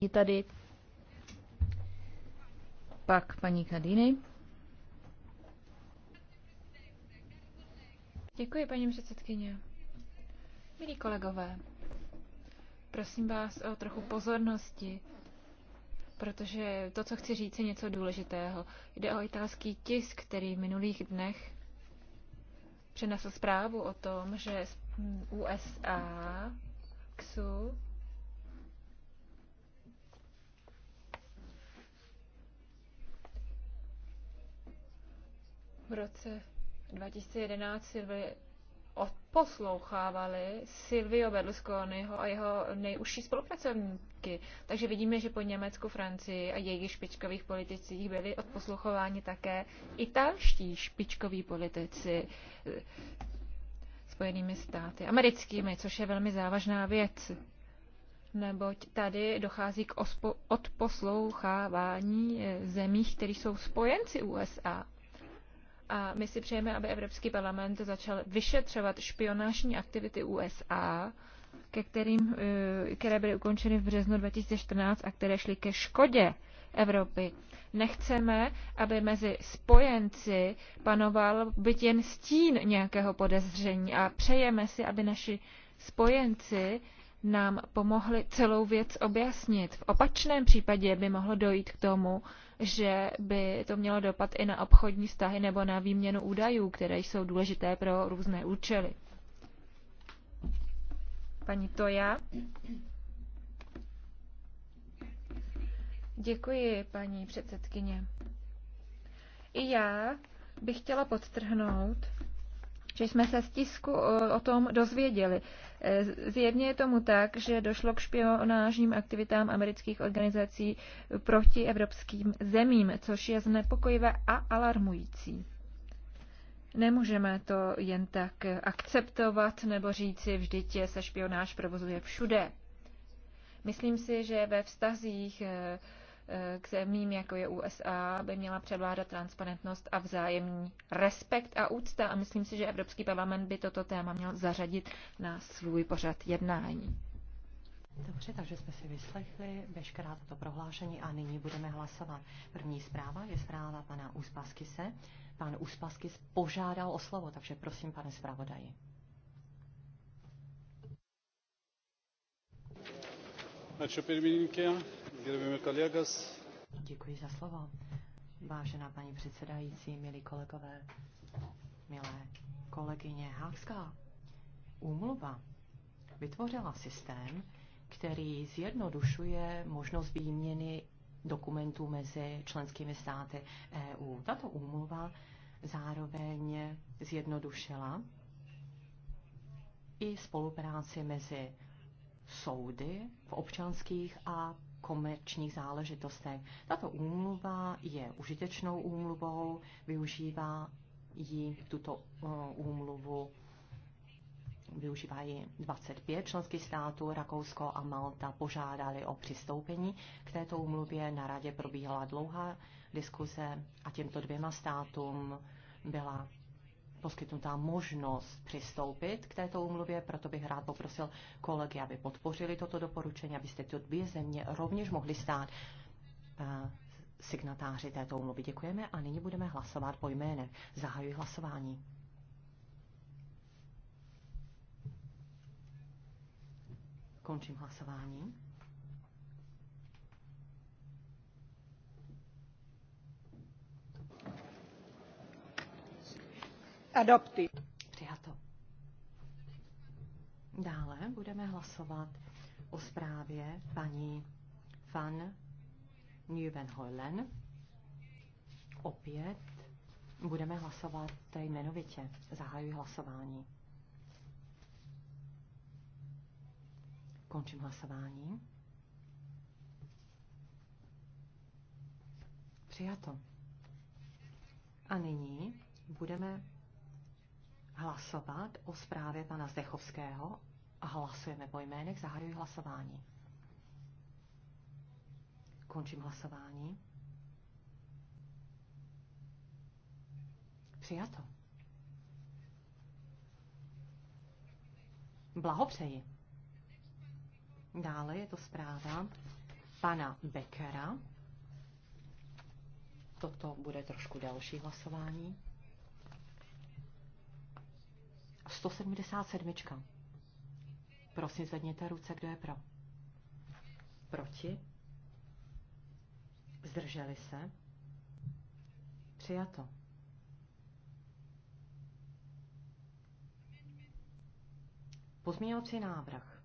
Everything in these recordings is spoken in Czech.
Je tady pak paní Kadiny. Děkuji, paní předsedkyně. Milí kolegové, prosím vás o trochu pozornosti, protože to, co chci říct, je něco důležitého. Jde o italský tisk, který v minulých dnech přinesl zprávu o tom, že USA, XU V roce 2011 Silvi odposlouchávali Silvio Berlusconiho a jeho nejužší spolupracovníky. Takže vidíme, že po Německu, Francii a jejich špičkových politicích byli odposlouchováni také italští špičkoví politici spojenými státy americkými, což je velmi závažná věc. Neboť tady dochází k odposlouchávání eh, zemí, které jsou spojenci USA a my si přejeme, aby Evropský parlament začal vyšetřovat špionážní aktivity USA, ke kterým, eh, které byly ukončeny v březnu 2014 a které šly ke škodě Evropy. Nechceme, aby mezi spojenci panoval byt jen stín nějakého podezření a přejeme si, aby naši spojenci nám pomohli celou věc objasnit. V opačném případě by mohlo dojít k tomu, že by to mělo dopad i na obchodní vztahy nebo na výměnu údajů, které jsou důležité pro různé účely. Paní Toja. Děkuji, paní předsedkyně. I já bych chtěla podtrhnout, že jsme se z tisku o tom dozvěděli. E, zjevně je tomu tak, že došlo k špionážním aktivitám amerických organizací proti evropským zemím, což je znepokojivé a alarmující. Nemůžeme to jen tak akceptovat nebo říci, vždyť se špionáž provozuje všude. Myslím si, že ve vztazích e, Eh, k zemím, jako je USA, by měla převládat transparentnost a vzájemný respekt a úcta. A myslím si, že Evropský parlament by toto téma měl zařadit na svůj pořad jednání. Dobře, takže jsme si vyslechli veškerá toto prohlášení a nyní budeme hlasovat. První zpráva je zpráva pana Uspaskise. Pan Uspaskis požádal o slovo, takže prosím, pane zpravodaji. Ačiū pirmininkė. Děkuji za slovo. Vážená paní předsedající, milí kolegové, milé kolegyně, Hákská úmluva vytvořila systém, který zjednodušuje možnost výměny dokumentů mezi členskými státy EU. Tato úmluva zároveň zjednodušila i spolupráci mezi soudy v občanských a komerčních záležitostech. Tato úmluva je užitečnou úmluvou, využívá ji tuto eh, úmluvu využívají 25 členských států, Rakousko a Malta požádali o přistoupení. K této úmluvě na radě probíhala dlouhá diskuze a těmto dvěma státům byla poskytnutá možnost přistoupit k této úmluvě, proto bych rád poprosil kolegy, aby podpořili toto doporučení, abyste ty dvě země rovněž mohli stát eh, signatáři této umluvy. Děkujeme a nyní budeme hlasovat po jménech. Zahajuji hlasování. Končím hlasování. Adopty. Přijato. Dále budeme hlasovat o zprávě paní Van Nieuwenhoelen. Opět budeme hlasovat jmenovitě. Zahajuji hlasování. Končím hlasování. Přijato. A nyní budeme hlasovat o zprávě pana Zdechovského a hlasujeme po jménech. Zahajuji hlasování. Končím hlasování. Přijato. Blahopřeji. Dále je to zpráva pana Beckera. Toto bude trošku další hlasování. 177. Prosím, zvedněte ruce, kdo je pro. Proti. Zdrželi se. Přijato. Pozměňovací návrh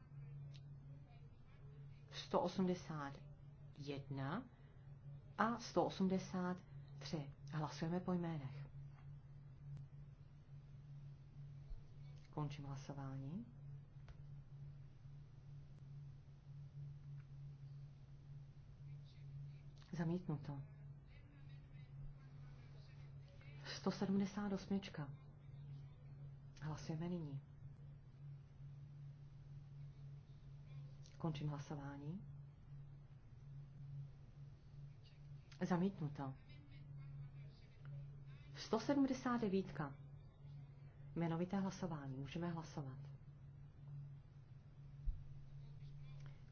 181 a 183. Hlasujeme po jménech. Končím hlasování. Zamítnuto. 178. Hlasujeme nyní. Končím hlasování. Zamítnuto. 179. Jmenovité hlasování. Můžeme hlasovat.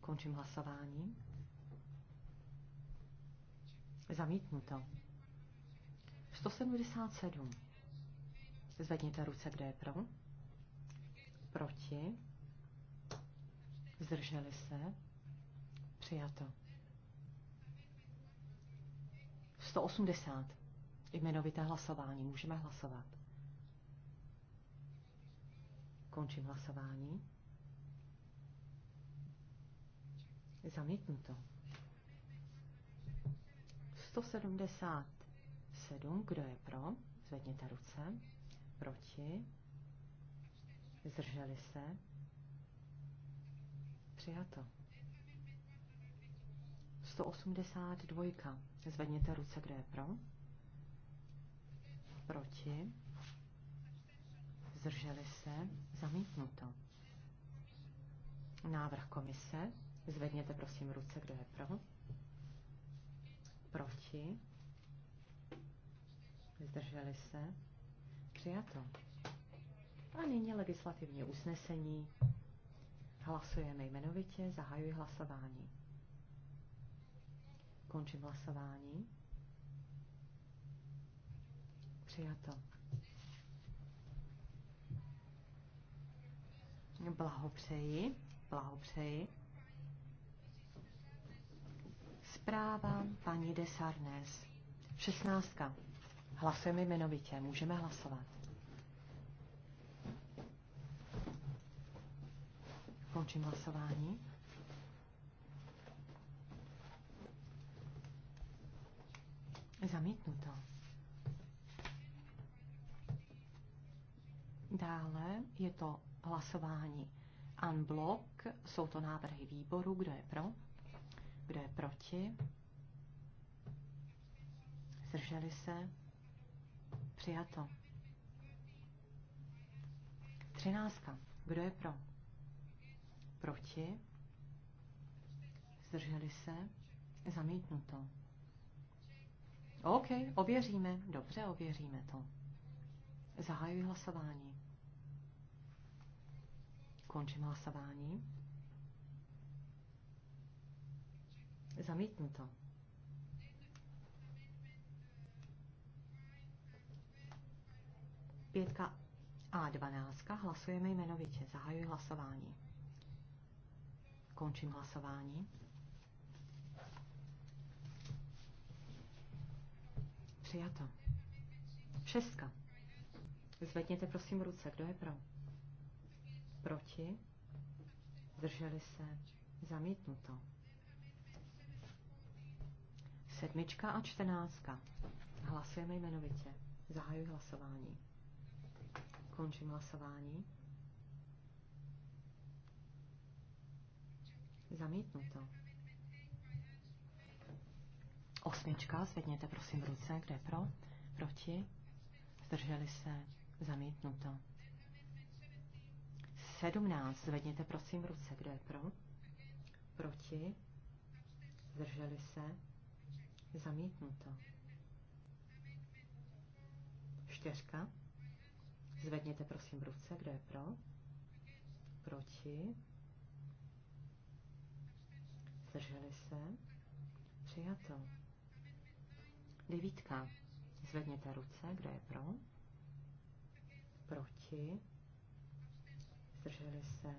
Končím hlasování. Zamítnuto. 177. Zvedněte ruce, kde je pro. Proti. Zdrželi se. Přijato. 180. Jmenovité hlasování. Můžeme hlasovat. Končím hlasování. Zamítnuto. 177. Kdo je pro? Zvedněte ruce. Proti? Zdrželi se? Přijato. 182. Zvedněte ruce, kdo je pro? Proti? Zdrželi se? Zamítnuto. Návrh komise. Zvedněte prosím ruce, kdo je pro. Proti. Zdrželi se. Přijato. A nyní legislativní usnesení. Hlasujeme jmenovitě, zahajuji hlasování. Končím hlasování. Přijato. Blahopřeji, blahopřeji. Zpráva paní Desarnes. 16. Hlasujeme jmenovitě. Můžeme hlasovat. Končím hlasování. Zamítnuto. Dále je to hlasování unblock. Jsou to návrhy výboru. Kdo je pro? Kdo je proti? Zdrželi se? Přijato. Třináctka. Kdo je pro? Proti? Zdrželi se? Zamítnuto. OK, ověříme. Dobře, ověříme to. Zahajuji hlasování. Končím hlasování. Zamítnuto. Pětka A12. Hlasujeme jmenovitě. Zahajuji hlasování. Končím hlasování. Přijato. Šestka. Zvedněte prosím ruce. Kdo je pro? Proti? Zdrželi se? Zamítnuto. Sedmička a čtrnáctka. Hlasujeme jmenovitě. Zahajuji hlasování. Končím hlasování. Zamítnuto. Osmička, zvedněte prosím ruce, kde pro, proti, zdrželi se, zamítnuto. 17. Zvedněte prosím ruce. Kdo je pro? Proti? Zdrželi se? Zamítnuto. Čtyřka. Zvedněte prosím ruce. Kdo je pro? Proti? Zdrželi se? Přijato. Devítka. Zvedněte ruce. Kdo je pro? Proti? zdrželi se,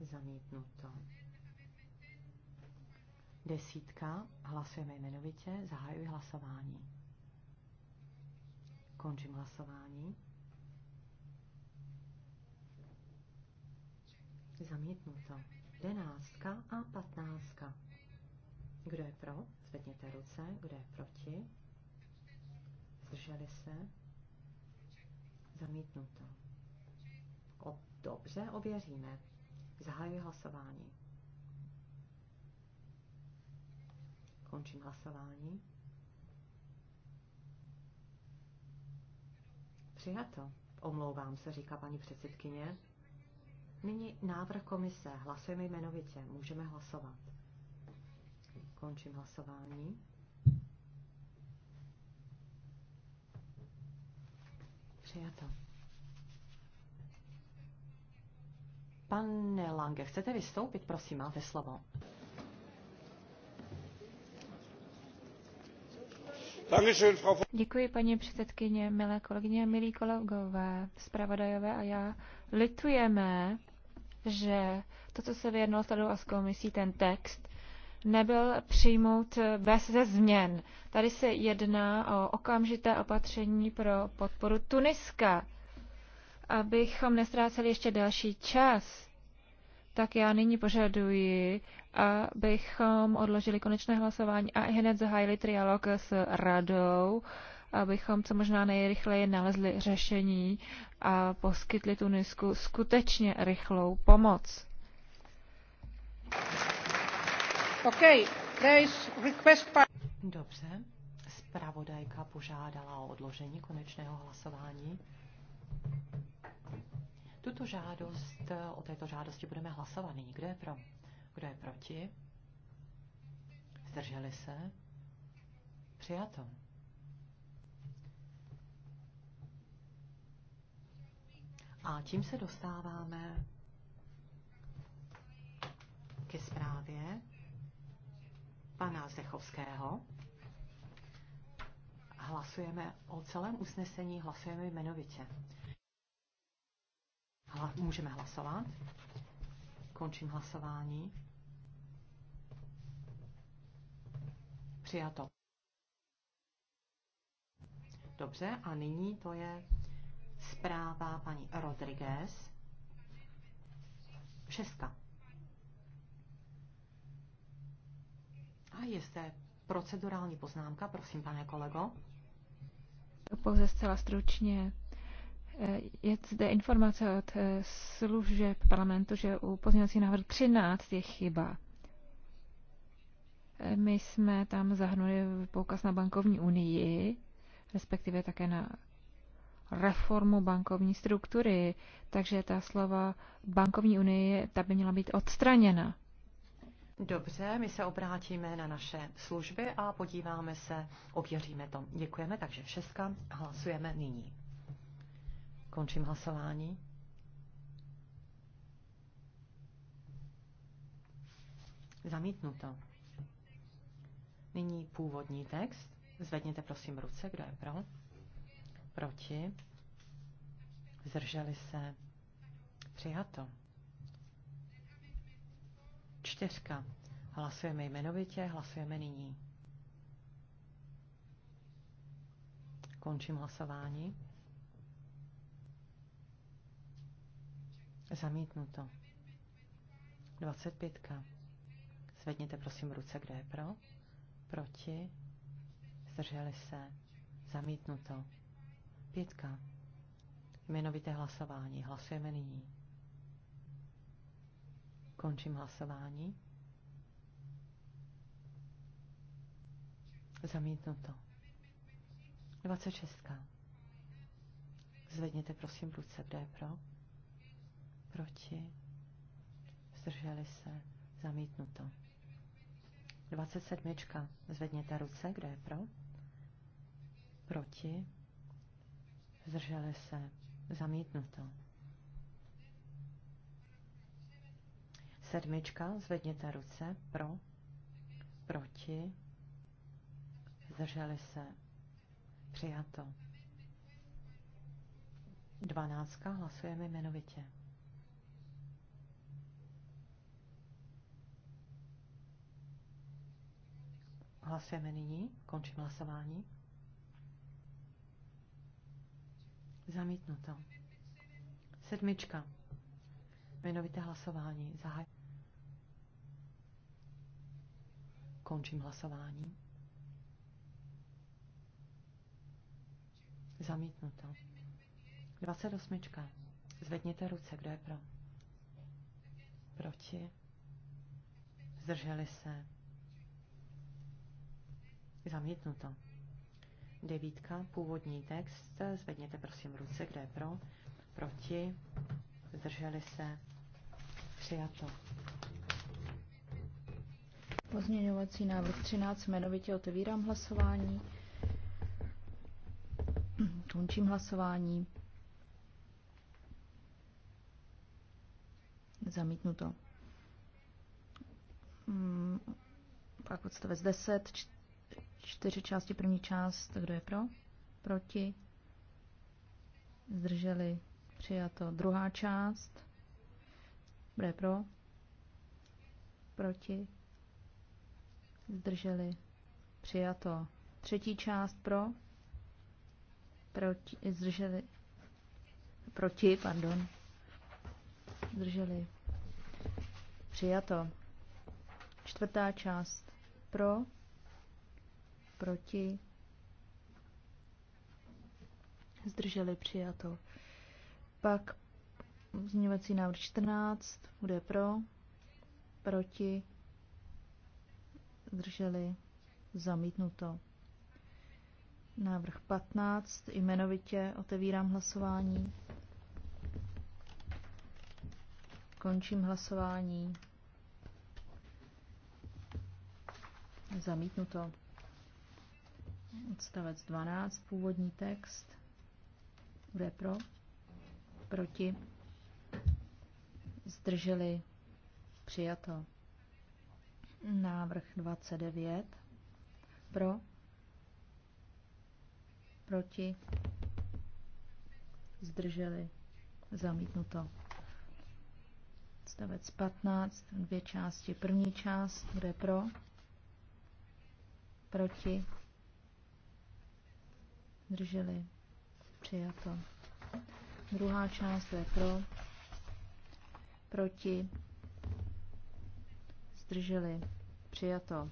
zamítnuto. Desítka, hlasujeme jmenovitě, zahajuji hlasování. Končím hlasování. Zamítnuto. Jedenáctka a patnáctka. Kdo je pro? Zvedněte ruce. Kdo je proti? Zdrželi se? Zamítnuto. O, dobře, ověříme. Zahajuji hlasování. Končím hlasování. Přijato. Omlouvám se, říká paní předsedkyně. Nyní návrh komise. Hlasujeme jmenovitě. Můžeme hlasovat. Končím hlasování. Přijato. Pane Lange, chcete vystoupit? Prosím, máte slovo. Děkuji, paní předsedkyně, milé kolegyně, milí kolegové, zpravodajové a já litujeme, že to, co se vyjednalo s a s komisí, ten text, nebyl přijmout bez ze změn. Tady se jedná o okamžité opatření pro podporu Tuniska abychom nestráceli ještě další čas, tak já nyní požaduji, abychom odložili konečné hlasování a hned zahájili trialog s radou, abychom co možná nejrychleji nalezli řešení a poskytli Tunisku skutečně rychlou pomoc. Okay. request by... Dobře. Spravodajka požádala o odložení konečného hlasování. Tuto žádost, o této žádosti budeme hlasovat nyní. Kdo je pro? Kdo je proti? Zdrželi se? Přijato. A tím se dostáváme ke zprávě pana Zdechovského. Hlasujeme o celém usnesení, hlasujeme jmenovitě můžeme hlasovat. Končím hlasování. Přijato. Dobře, a nyní to je zpráva paní Rodriguez. Šestka. A je zde procedurální poznámka, prosím, pane kolego. Pouze zcela stručně je zde informace od eh, služeb parlamentu, že u pozměňovací návrh 13 je chyba. Eh, my jsme tam zahnuli poukaz na bankovní unii, respektive také na reformu bankovní struktury, takže ta slova bankovní unie, ta by měla být odstraněna. Dobře, my se obrátíme na naše služby a podíváme se, ověříme to. Děkujeme, takže šestka hlasujeme nyní. Končím hlasování. Zamítnuto. Nyní původní text. Zvedněte prosím ruce, kdo je pro. Proti. Zdrželi se. Přijato. Čtyřka. Hlasujeme jmenovitě, hlasujeme nyní. Končím hlasování. Zamítnuto. 25. Zvedněte prosím ruce, kde je pro. Proti. Zdrželi se. Zamítnuto. Pětka. Jmenovité hlasování. Hlasujeme nyní. Končím hlasování. Zamítnuto. 26. Zvedněte prosím ruce, kde je pro. Proti? Zdrželi se? Zamítnuto. 27. Zvedněte ruce, kdo je pro? Proti? Zdrželi se? Zamítnuto. Sedmička, zvedněte ruce, pro, proti, zdrželi se, přijato. Dvanáctka, hlasujeme jmenovitě. Hlasujeme nyní. Končím hlasování. Zamítnuto. Sedmička. Jmenovité hlasování. Zahaj. Končím hlasování. Zamítnuto. 28. Zvedněte ruce, kdo je pro. Proti. Zdrželi se. Zamítnuto. Devítka, původní text, zvedněte prosím ruce, kde je pro, proti, zdrželi se, přijato. Pozměňovací návrh 13, jmenovitě otevírám hlasování. Končím hlasování. Zamítnuto. Hmm, pak odstavec 10, Čtyři části, první část, kdo je pro? Proti? Zdrželi? Přijato. Druhá část, kdo je pro? Proti? Zdrželi? Přijato. Třetí část pro? Proti? Zdrželi? Proti, pardon. Zdrželi? Přijato. Čtvrtá část pro? proti, zdrželi přijato. Pak Změňovací návrh 14, bude pro, proti, zdrželi, zamítnuto. Návrh 15, jmenovitě otevírám hlasování. Končím hlasování. Zamítnuto. Odstavec 12, původní text. Bude pro? Proti? Zdrželi? Přijato. Návrh 29. Pro? Proti? Zdrželi? Zamítnuto. Stavec 15, dvě části. První část bude pro? Proti? Drželi. Přijato. Druhá část je pro. Proti. Zdrželi. Přijato.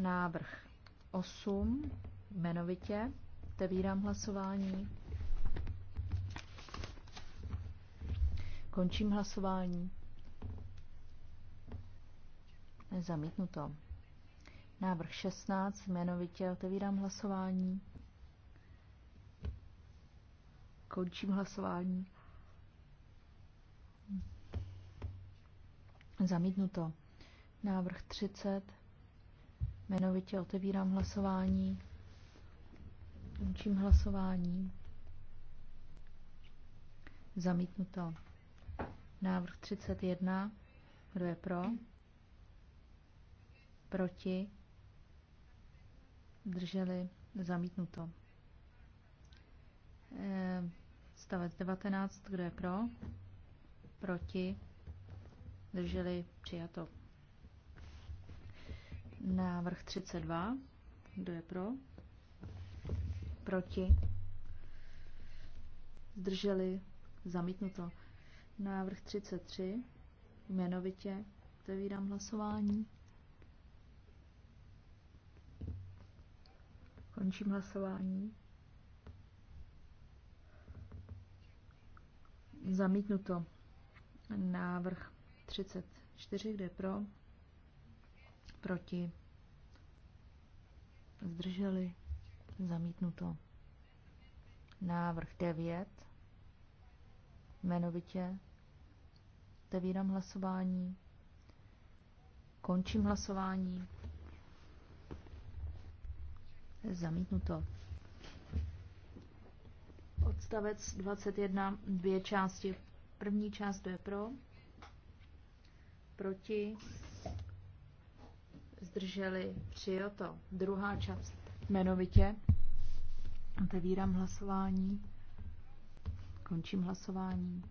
Návrh 8. Jmenovitě. Otevírám hlasování. Končím hlasování. Zamítnuto. Návrh 16. Jmenovitě otevírám hlasování. Končím hlasování. Zamítnuto. Návrh 30. Jmenovitě otevírám hlasování. Končím hlasování. Zamítnuto. Návrh 31. Kdo je pro? Proti? Drželi? Zamítnuto. Eh, Odstavec 19, kdo je pro? Proti? Drželi přijato. Návrh 32, kdo je pro? Proti? Zdrželi? Zamítnuto. Návrh 33, jmenovitě otevírám hlasování. Končím hlasování. Zamítnuto. Návrh 34, kde pro? Proti. Zdrželi. Zamítnuto. Návrh 9. Jmenovitě. Otevírám hlasování. Končím hlasování. Zamítnuto. Odstavec 21, dvě části. První část to je pro, proti, zdrželi, to. Druhá část jmenovitě. Otevírám hlasování. Končím hlasování.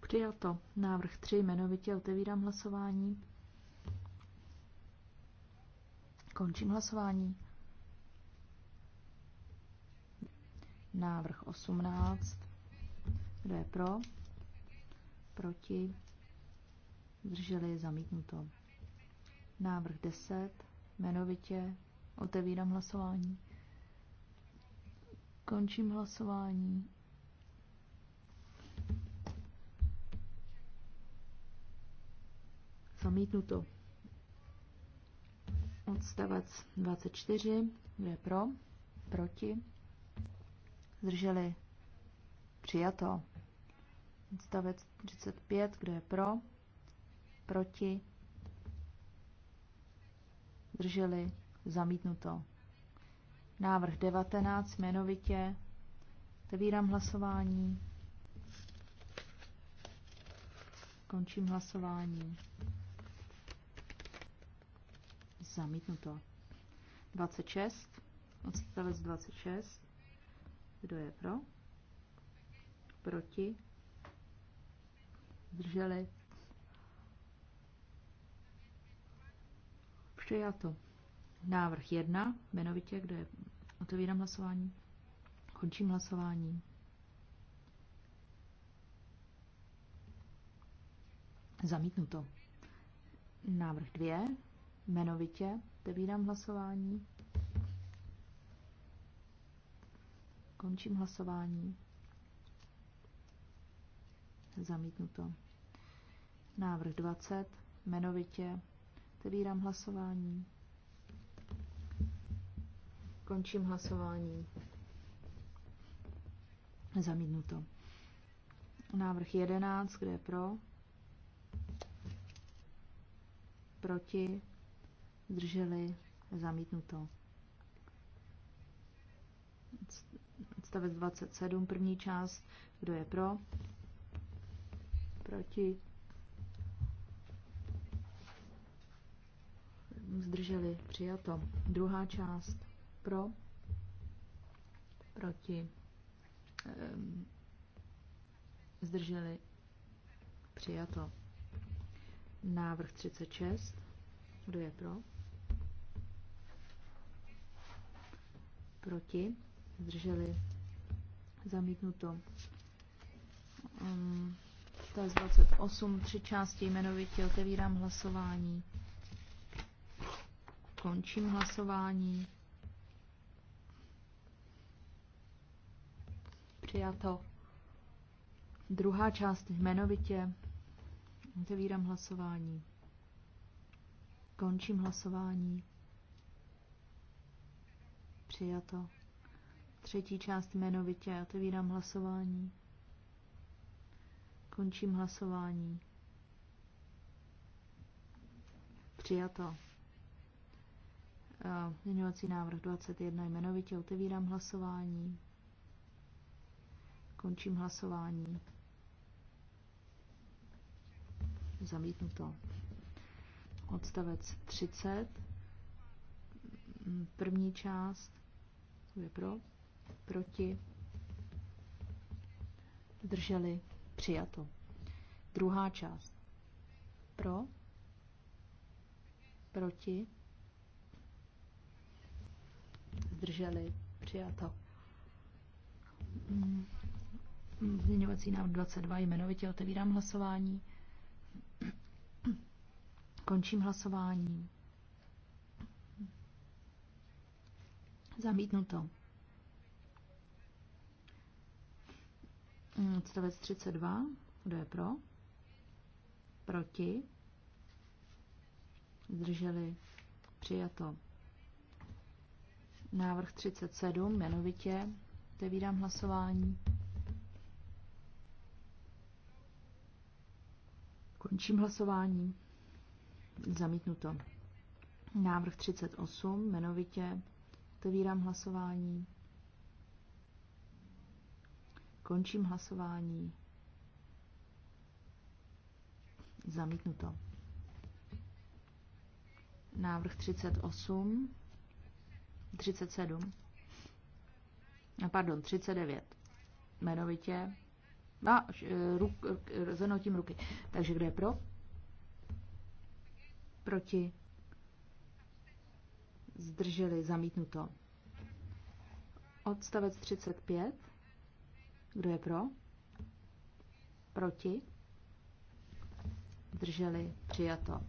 Přijato. Návrh 3 jmenovitě otevírám hlasování. Končím hlasování. Návrh 18. Kdo je pro? Proti? Zdrželi zamítnuto. Návrh 10. Jmenovitě otevírám hlasování. Končím hlasování. Zamítnuto. Odstavec 24. Kdo je pro? Proti? Zdrželi? Přijato. Odstavec 35. Kdo je pro? Proti? Zdrželi? Zamítnuto. Návrh 19 jmenovitě. Otevírám hlasování. Končím hlasování. Zamítnuto. 26. Odstavec 26. Kdo je pro? Proti? Zdrželi? Přijato. Návrh 1, jmenovitě, kde je, otevírám hlasování, končím hlasování. Zamítnuto. Návrh 2, Jmenovitě otevírám hlasování. Končím hlasování. Zamítnuto. Návrh 20. Jmenovitě otevírám hlasování. Končím hlasování. Zamítnuto. Návrh 11, kde je pro? Proti? zdrželi, zamítnuto. Odstavec 27, první část, kdo je pro, proti, zdrželi, přijato. Druhá část, pro, proti, ehm, zdrželi, přijato. Návrh 36, kdo je pro? proti, zdrželi, zamítnuto. Um, to je 28, tři části jmenovitě, otevírám hlasování, končím hlasování. Přijato. Druhá část jmenovitě, otevírám hlasování, končím hlasování. Přijato. Třetí část jmenovitě. Otevírám hlasování. Končím hlasování. Přijato. Eh, Měňovací návrh 21 jmenovitě. Otevírám hlasování. Končím hlasování. Zamítnuto. Odstavec 30. První část je pro? Proti? Zdrželi? Přijato. Druhá část. Pro? Proti? Zdrželi? Přijato. Změňovací návrh 22 jmenovitě otevírám hlasování. Končím hlasování. Zamítnuto. Mm, odstavec 32. Kdo je pro? Proti? Zdrželi? Přijato. Návrh 37. Jmenovitě. Otevírám hlasování. Končím hlasování. Zamítnuto. Návrh 38. Jmenovitě. Otevírám hlasování. Končím hlasování. Zamítnuto. Návrh 38. 37. Pardon, 39. Jmenovitě. A e, ruk, rozhodnutím e, e, ruky. Takže kdo je pro? Proti? zdrželi, zamítnuto. Odstavec 35. Kdo je pro? Proti? Zdrželi, přijato.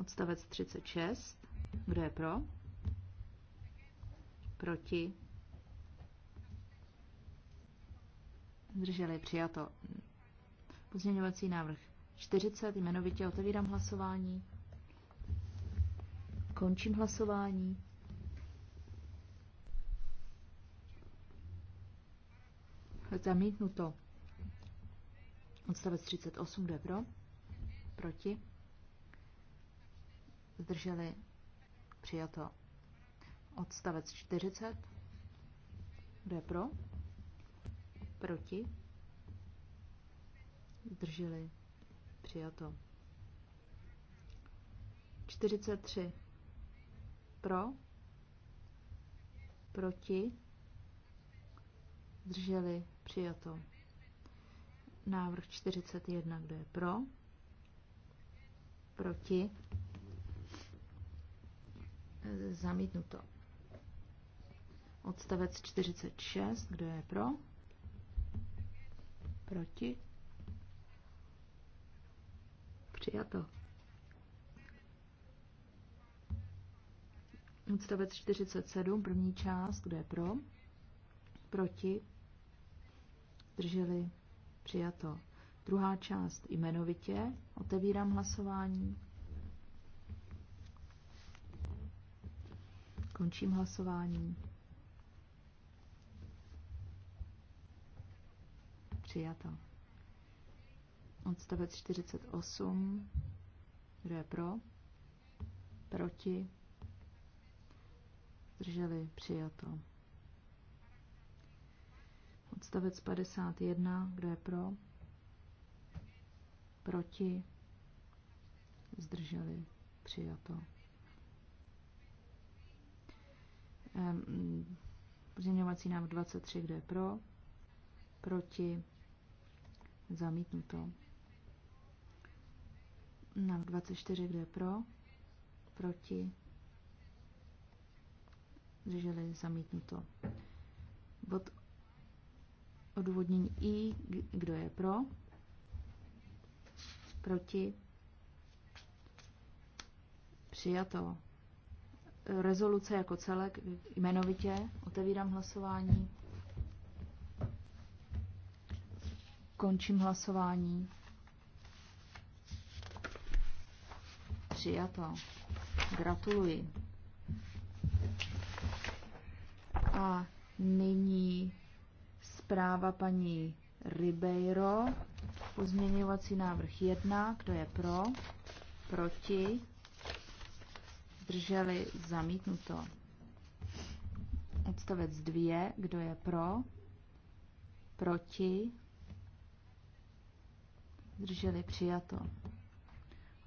Odstavec 36. Kdo je pro? Proti? Zdrželi, přijato. Pozměňovací návrh 40. Jmenovitě otevírám hlasování. Končím hlasování. Zamítnuto. Odstavec 38, jde pro? Proti? Zdrželi? Přijato. Odstavec 40, jde pro? Proti? Zdrželi? Přijato. 43. Pro? Proti? Zdrželi? Přijato. Návrh 41. Kdo je pro? Proti? Zamítnuto. Odstavec 46. Kdo je pro? Proti? Přijato. Odstavec 47, první část, kde je pro, proti, drželi, přijato. Druhá část jmenovitě, otevírám hlasování. Končím hlasování. Přijato. Odstavec 48, kdo je pro, proti, zdrželi, přijato. Odstavec 51, kdo je pro? Proti, zdrželi, přijato. Pozměňovací návrh 23, kdo je pro? Proti, zamítnuto. Návrh 24, kdo je pro? Proti, drželi zamítnuto. Bod odůvodnění I, kdo je pro, proti, přijato. Rezoluce jako celek, jmenovitě, otevírám hlasování. Končím hlasování. Přijato. Gratuluji. A nyní zpráva paní Ribeiro. Pozměňovací návrh 1. Kdo je pro? Proti? Drželi zamítnuto. Odstavec 2. Kdo je pro? Proti? Drželi přijato.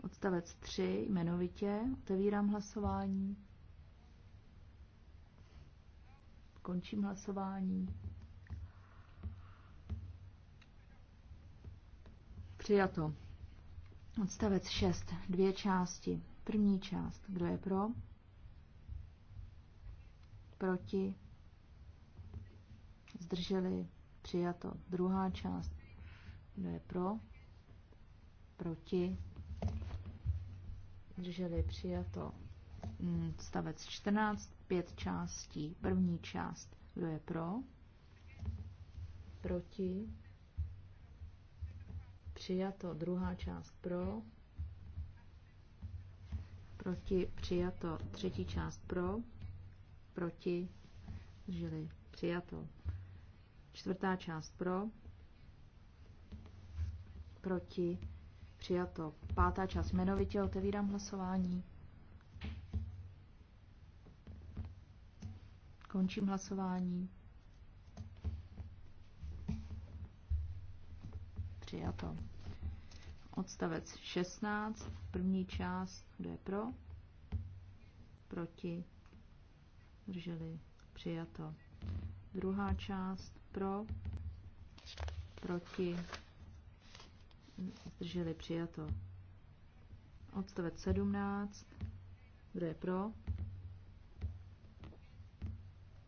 Odstavec 3. Jmenovitě otevírám hlasování. Končím hlasování. Přijato. Odstavec 6. Dvě části. První část. Kdo je pro? Proti? Zdrželi? Přijato. Druhá část. Kdo je pro? Proti? Zdrželi? Přijato. Hm, odstavec 14 pět částí. První část, kdo je pro, proti, přijato. Druhá část pro, proti, přijato. Třetí část pro, proti, žili, přijato. Čtvrtá část pro, proti, přijato. Pátá část jmenovitě otevírám hlasování. Končím hlasování. Přijato. Odstavec 16, první část, kdo je pro? Proti? Drželi? Přijato. Druhá část, pro? Proti? Zdrželi? Přijato. Odstavec 17, kdo je pro?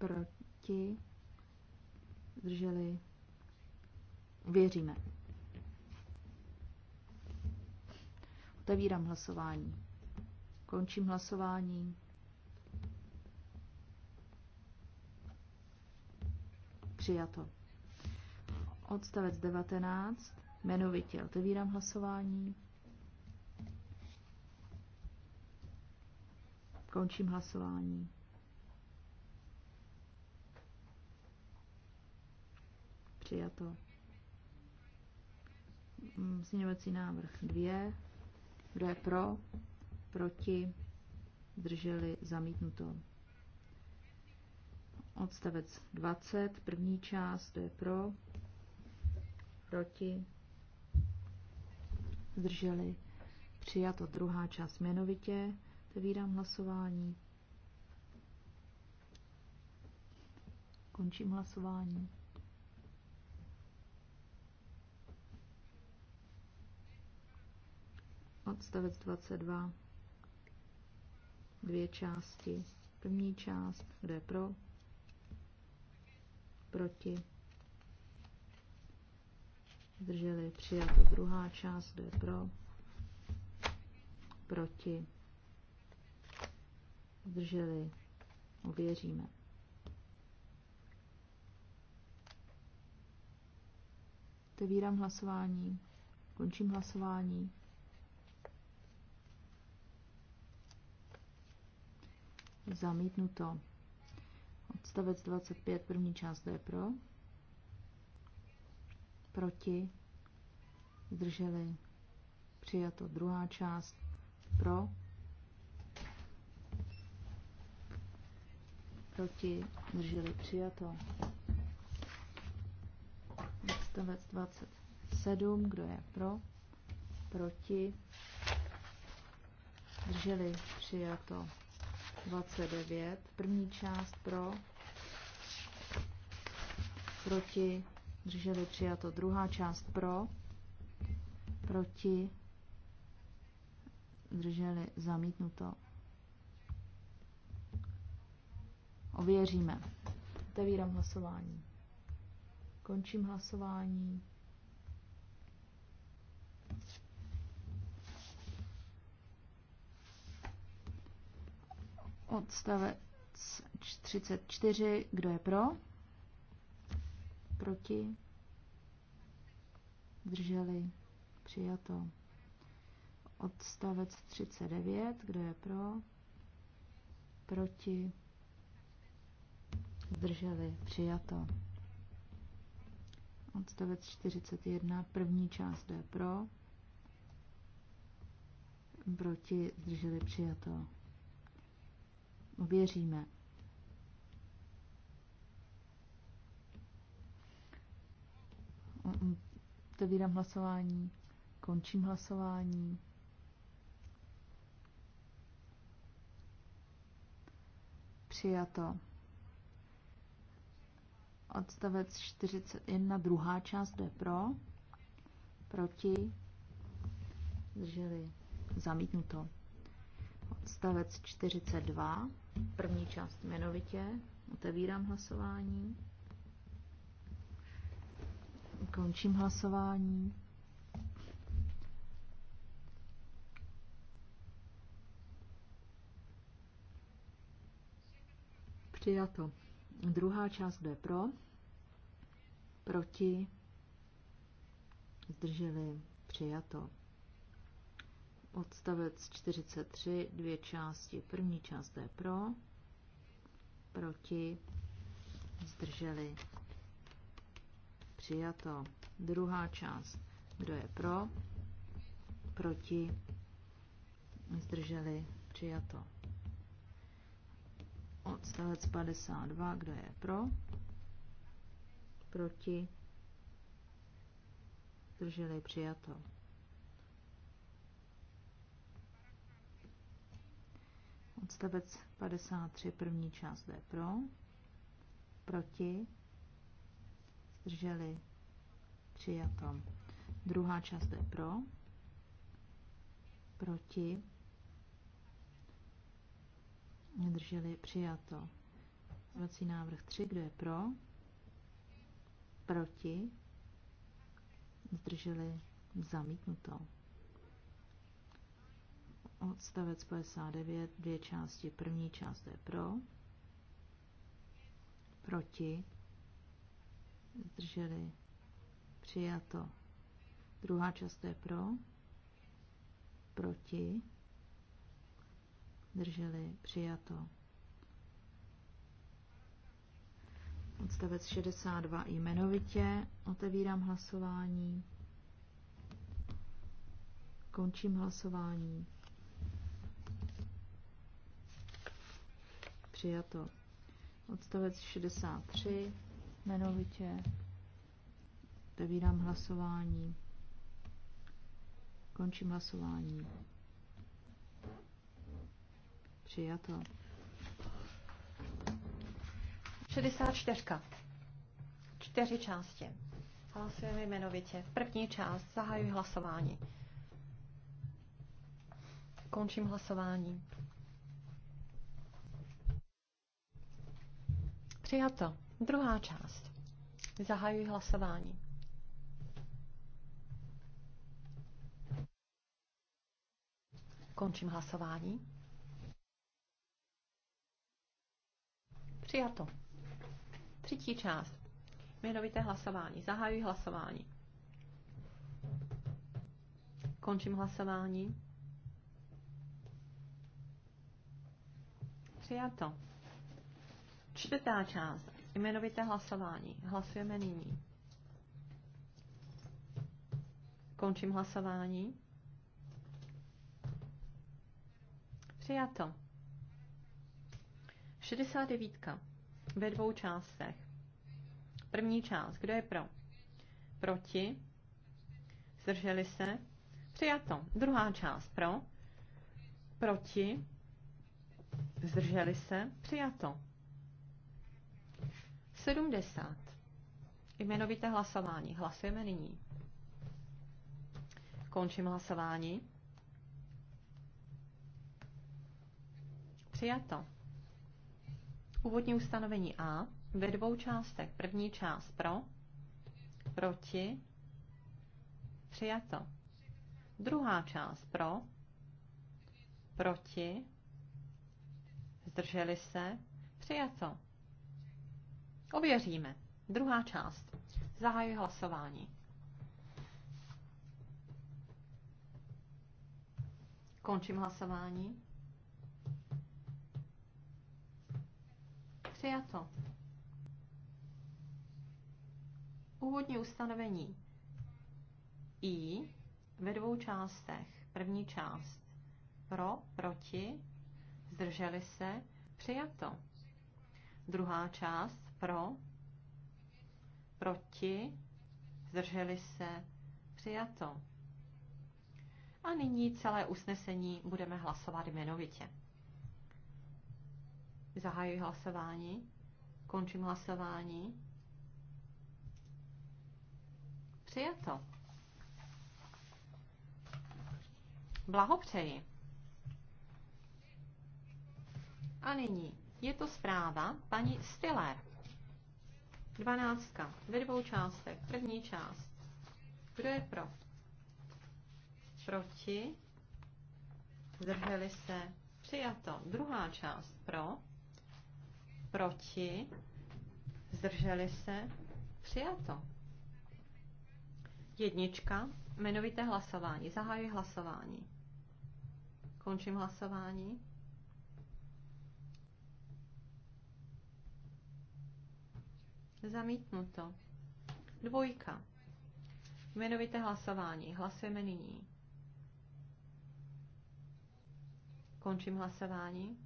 proti, zdrželi, věříme. Otevírám hlasování. Končím hlasování. Přijato. Odstavec 19. Jmenovitě otevírám hlasování. Končím hlasování. Přijato. Mm, Sněvací návrh 2. Kdo je pro? Proti? Zdrželi? Zamítnuto. Odstavec 20, první část, to je pro, proti, zdrželi, přijato druhá část jmenovitě, otevírám hlasování, končím hlasování. odstavec 22, dvě části. První část, kde je pro, proti, zdrželi, přijato. Druhá část, kde je pro, proti, zdrželi, ověříme. Otevírám hlasování, končím hlasování. Zamítnuto. Odstavec 25, první část, kdo je pro? Proti? Zdrželi? Přijato. Druhá část, pro? Proti? Zdrželi? Přijato. Odstavec 27, kdo je pro? Proti? Drželi. Přijato. 29. První část pro, proti, drželi přijato. Druhá část pro, proti, drželi zamítnuto. Ověříme. Otevírám hlasování. Končím hlasování. Odstavec 34. Kdo je pro? Proti? Zdrželi? Přijato. Odstavec 39. Kdo je pro? Proti? Zdrželi? Přijato. Odstavec 41. První část je pro. Proti? Zdrželi? Přijato Ověříme. Otevírám hlasování, končím hlasování. Přijato. Odstavec 41, druhá část je pro, proti, zdrželi, zamítnuto. Stavec 42, první část jmenovitě. Otevírám hlasování. Končím hlasování. Přijato. Druhá část jde pro, proti, zdrželi, přijato. Odstavec 43, dvě části. První část je pro, proti, zdrželi. Přijato. Druhá část. Kdo je pro, proti, zdrželi. Přijato. Odstavec 52, kdo je pro, proti, zdrželi. Přijato. Odstavec 53, první část D pro. Proti. Zdrželi. Přijato. Druhá část je pro. Proti. Zdrželi. Přijato. Vrací návrh 3, kdo je pro? Proti? Zdrželi zamítnuto odstavec 59, dvě části. První část je pro, proti, zdrželi, přijato. Druhá část je pro, proti, zdrželi, přijato. Odstavec 62 jmenovitě. Otevírám hlasování. Končím hlasování. přijato. Odstavec 63, jmenovitě. Otevírám hlasování. Končím hlasování. Přijato. 64. Čtyři části. Hlasujeme jmenovitě. První část. Zahajuji hlasování. Končím hlasování. Přijato. Druhá část. Zahajuji hlasování. Končím hlasování. Přijato. Třetí část. Jmenovité hlasování. Zahajuji hlasování. Končím hlasování. Přijato. Čtvrtá část. Jmenovité hlasování. Hlasujeme nyní. Končím hlasování. Přijato. 69. Ve dvou částech. První část. Kdo je pro? Proti. Zdrželi se. Přijato. Druhá část. Pro. Proti. Zdrželi se. Přijato. 70. Jmenovité hlasování. Hlasujeme nyní. Končím hlasování. Přijato. Úvodní ustanovení A ve dvou částech. První část pro, proti, přijato. Druhá část pro, proti, zdrželi se, přijato. Ověříme. Druhá část. Zahajuji hlasování. Končím hlasování. Přijato. Úvodní ustanovení I ve dvou částech. První část pro, proti, zdrželi se, přijato. Druhá část pro, proti, zdrželi se, přijato. A nyní celé usnesení budeme hlasovat jmenovitě. Zahajuji hlasování, končím hlasování. Přijato. Blahopřeji. A nyní je to zpráva paní Stiller. Dvanáctka ve dvou částech. První část. Kdo je pro? Proti? Zdrželi se? Přijato. Druhá část. Pro? Proti? Zdrželi se? Přijato. Jednička. Jmenovité hlasování. Zahajuji hlasování. Končím hlasování. Zamítnuto. Dvojka. Jmenovité hlasování. Hlasujeme nyní. Končím hlasování.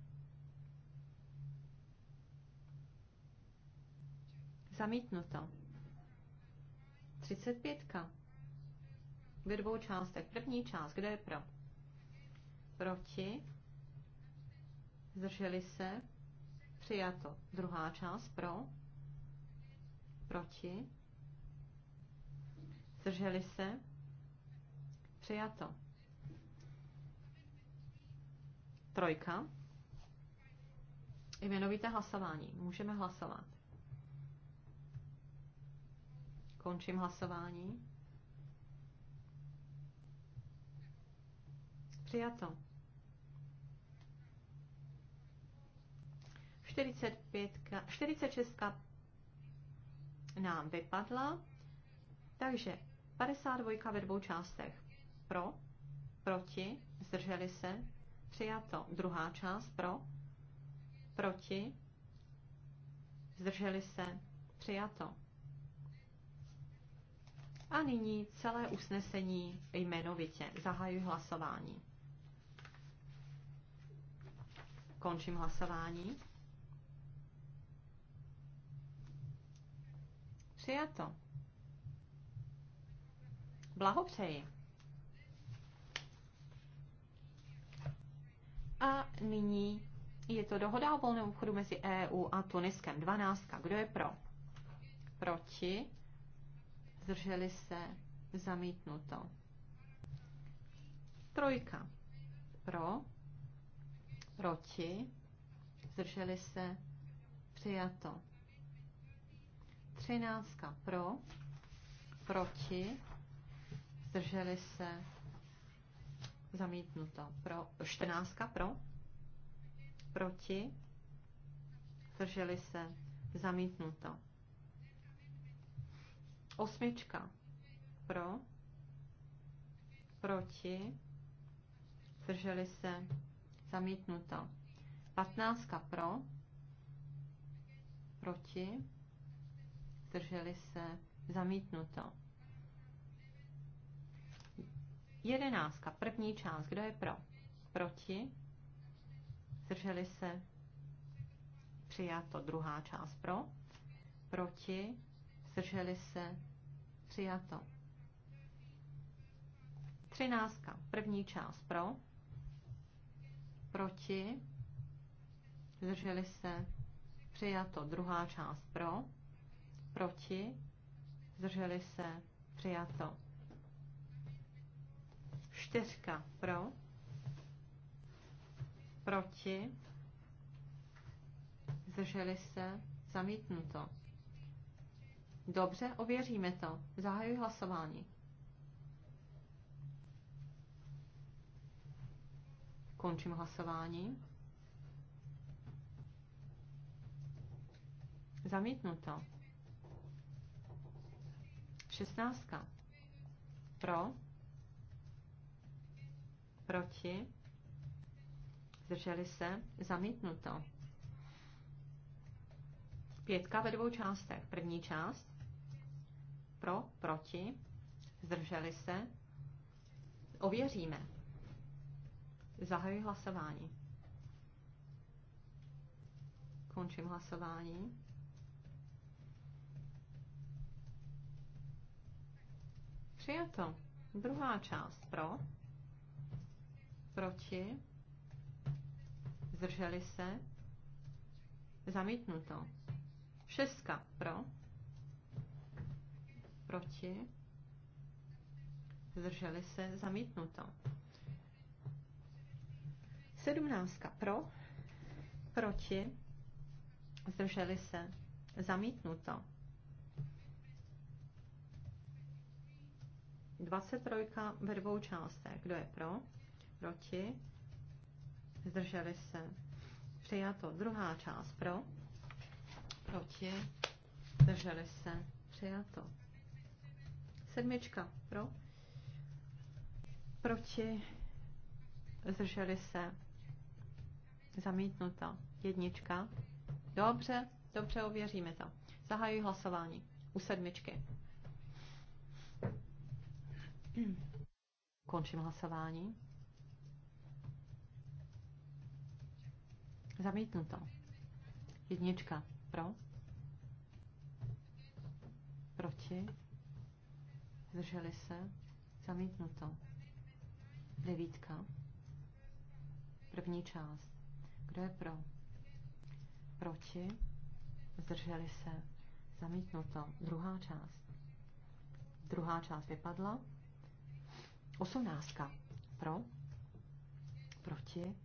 Zamítnuto. 35. Ve dvou částech. První část. Kdo je pro? Proti. Zdrželi se. Přijato. Druhá část. Pro. Proti? Zdrželi se? Přijato. Trojka. Jmenovité hlasování. Můžeme hlasovat. Končím hlasování. Přijato. 45, 46 nám vypadla. Takže 52 ve dvou částech. Pro, proti, zdrželi se, přijato. Druhá část pro, proti, zdrželi se, přijato. A nyní celé usnesení jmenovitě. Zahajuji hlasování. Končím hlasování. Přijato. Blahopřeji. A nyní je to dohoda o volném obchodu mezi EU a Tuniskem 12. Kdo je pro? Proti? Zdrželi se? Zamítnuto. Trojka. Pro? Proti? Zdrželi se? Přijato. Třináctka pro, proti, zdrželi se, zamítnuto. Pro, čtrnáctka pro, proti, zdrželi se, zamítnuto. Osmička pro, proti, zdrželi se, zamítnuto. Patnáctka pro, proti, zdrželi se, zamítnuto. Jedenáctka, první část, kdo je pro? Proti, zdrželi se, přijato, druhá část pro, proti, zdrželi se, přijato. Třináctka, první část pro, proti, zdrželi se, přijato, druhá část pro, Proti? Zdrželi se? Přijato. Čtyřka pro? Proti? Zdrželi se? Zamítnuto. Dobře, ověříme to. Zahajuji hlasování. Končím hlasování. Zamítnuto. 16. Pro. Proti. Zdrželi se. Zamítnuto. Pětka ve dvou částech. První část. Pro. Proti. Zdrželi se. Ověříme. Zahajuji hlasování. Končím hlasování. Přijato. Druhá část pro, proti, zdrželi se, zamítnuto. Šestka pro, proti, zdrželi se, zamítnuto. Sedmnáctka pro, proti, zdrželi se, zamítnuto. 23 ve dvou částech. Kdo je pro? Proti? Zdrželi se. Přijato. Druhá část pro? Proti? Zdrželi se. Přijato. Sedmička pro? Proti? Zdrželi se. Zamítnuta. Jednička. Dobře, dobře, ověříme to. Zahajuji hlasování u sedmičky. Končím hlasování. Zamítnuto. Jednička pro. Proti. Zdrželi se. Zamítnuto. Devítka. První část. Kdo je pro? Proti. Zdrželi se. Zamítnuto. Druhá část. Druhá část vypadla. Osmnáctka. Pro? Proti?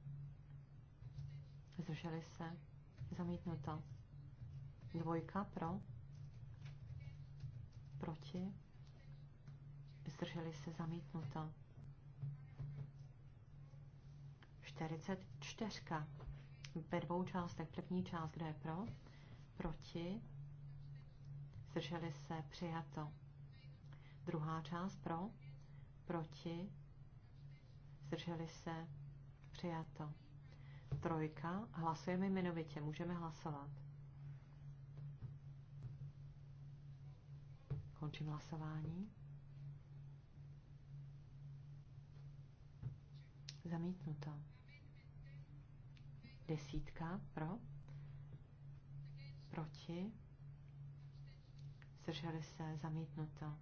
Zdrželi se? Zamítnuto. Dvojka pro? Proti? Zdrželi se? Zamítnuto. 44. Ve dvou částech. První část, kde je pro? Proti? Zdrželi se? Přijato. Druhá část pro? proti, zdrželi se, přijato. Trojka, hlasujeme jmenovitě, můžeme hlasovat. Končím hlasování. Zamítnuto. Desítka pro. Proti. Zdrželi se. Zamítnuto.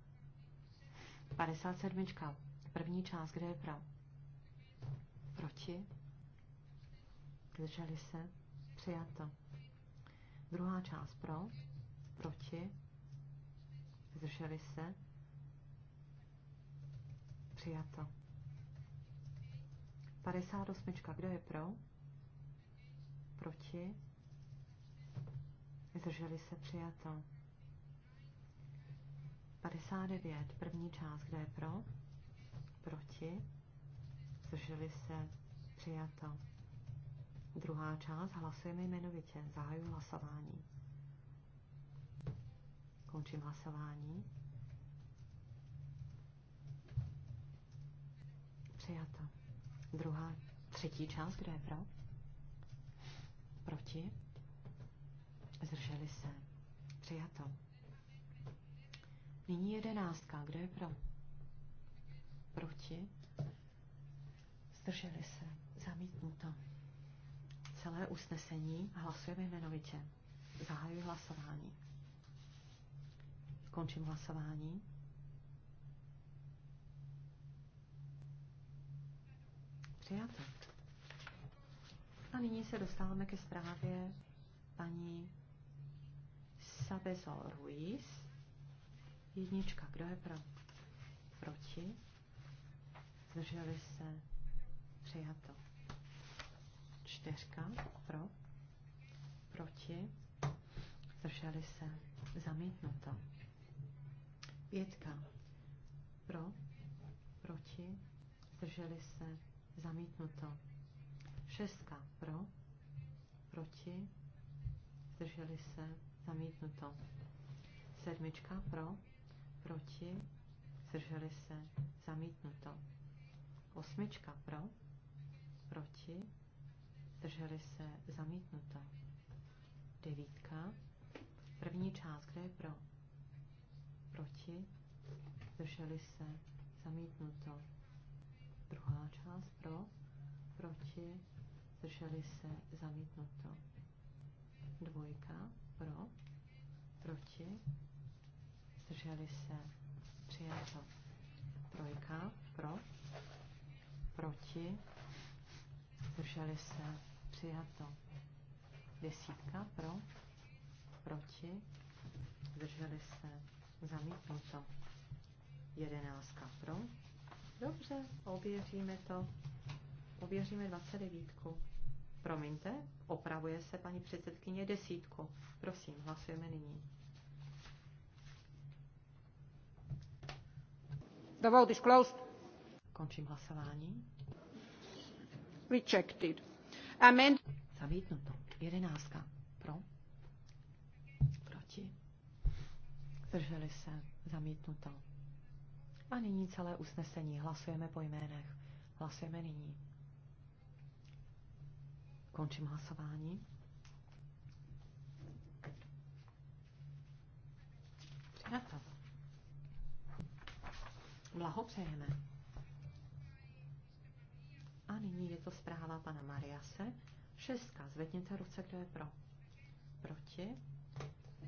57. První část, kde je pro? Proti? Drželi se? Přijato. Druhá část pro? Proti? Zdrželi se? Přijato. 58. Kdo je pro? Proti? Zdrželi se? Přijato. 59. První část, kde je pro? Proti? Zdrželi se? Přijato. Druhá část, hlasujeme jmenovitě. Zahajuji hlasování. Končím hlasování. Přijato. Druhá, třetí část, kde je pro? Proti? Zdrželi se. Přijato. Nyní jedenáctka. Kdo je pro? Proti? Zdrželi se. Zamítnuto. Celé usnesení hlasujeme jmenovitě. Zahajuji hlasování. Končím hlasování. Přijato. A nyní se dostáváme ke zprávě paní Sabezo Ruiz. Jednička, kdo je pro? Proti? Zdrželi se? Přijato. Čtyřka, pro? Proti? Zdrželi se? Zamítnuto. Pětka, pro? Proti? Zdrželi se? Zamítnuto. Šestka, pro? Proti? Zdrželi se? Zamítnuto. Sedmička, pro? proti, zdrželi se, zamítnuto. Osmička pro, proti, zdrželi se, zamítnuto. Devítka, první část, kde je pro, proti, zdrželi se, zamítnuto. Druhá část pro, proti, zdrželi se, zamítnuto. Dvojka, pro, proti, zdrželi se, přijato. Trojka, pro, proti, zdrželi se, přijato. Desítka, pro, proti, zdrželi se, zamítnuto. Jedenáctka, pro. Dobře, ověříme to. Ověříme 29. Promiňte, opravuje se paní předsedkyně desítku. Prosím, hlasujeme nyní. The vote is closed. Končím hlasování. Rejected. Amen. Zamítnuto. Jedenáctka. Pro. Proti. Zdrželi se. Zamítnuto. A nyní celé usnesení. Hlasujeme po jménech. Hlasujeme nyní. Končím hlasování. Přijato. Blahopřejeme. A nyní je to zpráva pana Mariase. Šestka. Zvedněte ruce, kdo je pro. Proti.